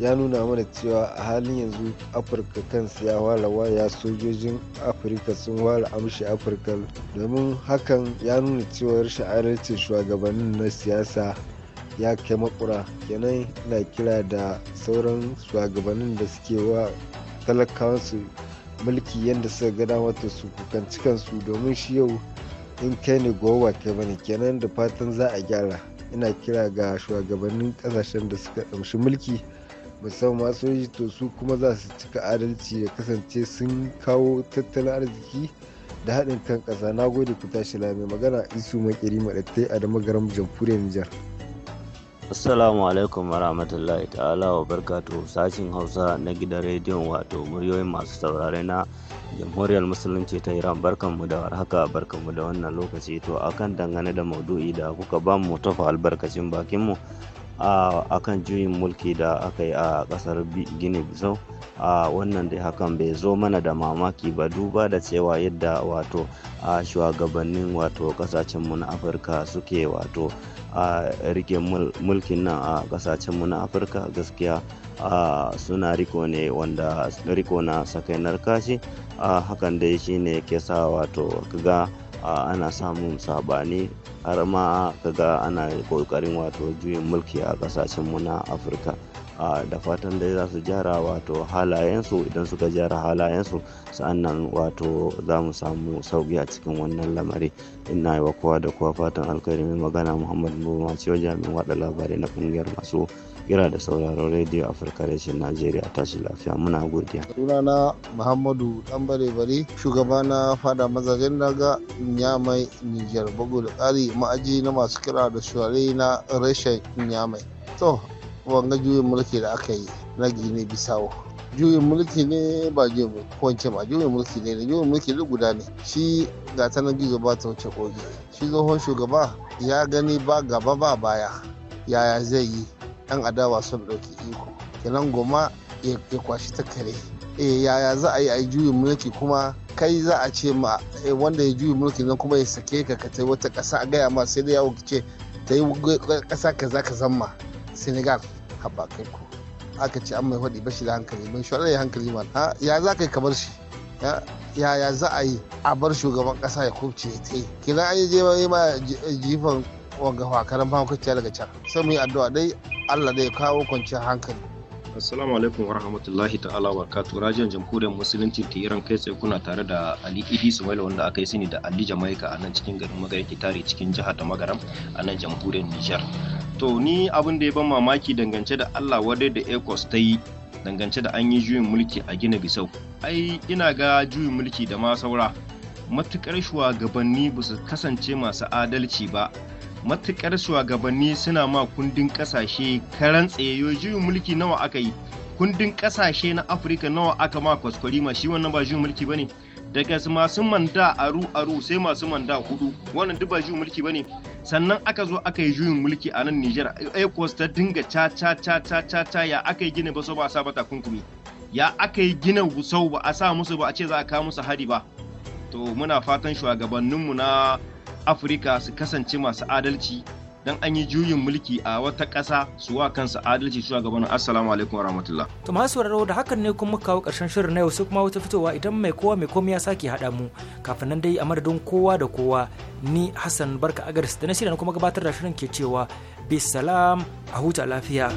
ya nuna mana cewa a halin yanzu afirka kan ya wala waya sojojin afirka sun wala amshi afirka domin hakan ya nuna cewa rashin shugabannin na siyasa ya kai makura kenan na kira da sauran shugabannin da suke wa talakawansu mulki yadda suka gada mata su kukanci kansu domin shi yau in kai ne gowa kai bane kenan da fatan za a gyara ina kira ga shugabannin kasashen da suka ɗamshi mulki musamman soji to su kuma za su cika adalci ya kasance sun kawo tattalin arziki da haɗin kan ƙasa na gode ku tashi lami magana isu makiri maɗattai a damagaram magaram jamhuriyar nijar Assalamu alaikum rahmatullahi ta'ala wa barkatu sashin Hausa na gidan rediyon wato muryoyin masu saurare na Jamhuriyar Musulunci ta Iran barkanmu da warhaka barkanmu da wannan lokaci to akan dangane da maudu'i da kuka ba mu tafa albarkacin bakin mu akan juyin mulki da aka yi a kasar Gini Bisau a wannan dai hakan bai zo mana da mamaki ba duba da cewa yadda wato a shugabannin wato kasashenmu na afirka suke wato a rike mulkin nan a kasashenmu na afirka gaskiya a suna riko ne wanda riko na sakainar kashi a hakan dai shine ke sa wato ga ana samun sabani har ma kaga ana kokarin wato juyin mulki a kasashen mu na afirka da fatan dai za su gyara wato halayensu idan suka gyara halayensu sa'annan wato za mu samu sauki a cikin wannan lamari ina yi wa kowa da kowa fatan alkhairi mai magana muhammad buhari wajen jami'in wada labarai na kungiyar masu kira da sauraron radio afirka rashin najeriya tashi lafiya muna godiya sunana muhammadu dan bare bare shugaba na fada mazajen daga nyamai niger bugu da tsari ma'aji na masu kira da shuwarai na rashin nyamai to wanga juyin mulki da aka yi na gine bisawo juyin mulki ne ba juyin mulki ba juyin mulki ne da juyin mulki duk guda ne shi ga ta nan gizo ba ta wuce kogi shi tsohon shugaba ya gani ba gaba ba baya yaya zai yi 'yan adawa sun ɗauki iko kenan goma ya kwashi ta kare eh, yaya za a yi a yi juyin mulki kuma kai za a ce ma eh, wanda ya juyin mulki nan kuma ya sake ka ka ta wata ƙasa a gaya ma sai da yawon ce ta yi ƙasa ka za ka zama senegal haɓa kai ku aka ce an mai faɗi bashi da hankali ban shi hankali ma. ya za ka yi kamar shi yaya za a yi a bar shugaban ƙasa ya kubce ta yi kenan an yi je ma jifan wanga fakaran fahimkacciya daga can sai mu yi addu'a dai Allah zai kawo kwanciyar hankali Assalamu alaikum wa rahmatullahi ta'ala wa kato rajin jamhuriyar musulunci ta Iran kai tsaye kuna tare da Ali Idi Sumaila wanda aka yi sani da Ali Jamaika a nan cikin garin Magari tare cikin jihar da Magaram a nan jamhuriyar Nijar. To ni abin da ya ban mamaki dangance da Allah wadai da ECOS ta yi dangance da an yi juyin mulki a Gina Bisau. Ai ina ga juyin mulki da ma saura matukar shugabanni ba su kasance masu adalci ba matukar shugabanni suna ma kundin kasashe karan tsayayo juyin mulki nawa aka yi kundin ƙasashe na afirka nawa aka ma kwaskwarima shi wannan ba juyin mulki bane daga masu manda aru aru sai masu manda hudu wannan duk ba juyin mulki bane sannan aka zo aka yi juyin mulki a nan Nijar ecos ta dinga ca ca ca ca ca ca ya aka yi gina ba so ba a sa ba takunkumi ya aka yi gina busau ba a sa musu ba a ce za a kawo musu hari ba to muna fatan shugabanninmu na afirka su kasance masu adalci don an yi juyin mulki a wata ƙasa su wa kansu adalci zuwa gabanin assalamu alaikum wa rahmatullah. To masu sauraro da hakan ne kuma kawo ƙarshen shirin na yau sai kuma wata fitowa idan mai kowa mai komai ya sake haɗa mu kafin nan dai a madadin kowa da kowa ni Hassan Barka Agaris da na shirya kuma gabatar da shirin ke cewa bisalam a huta lafiya.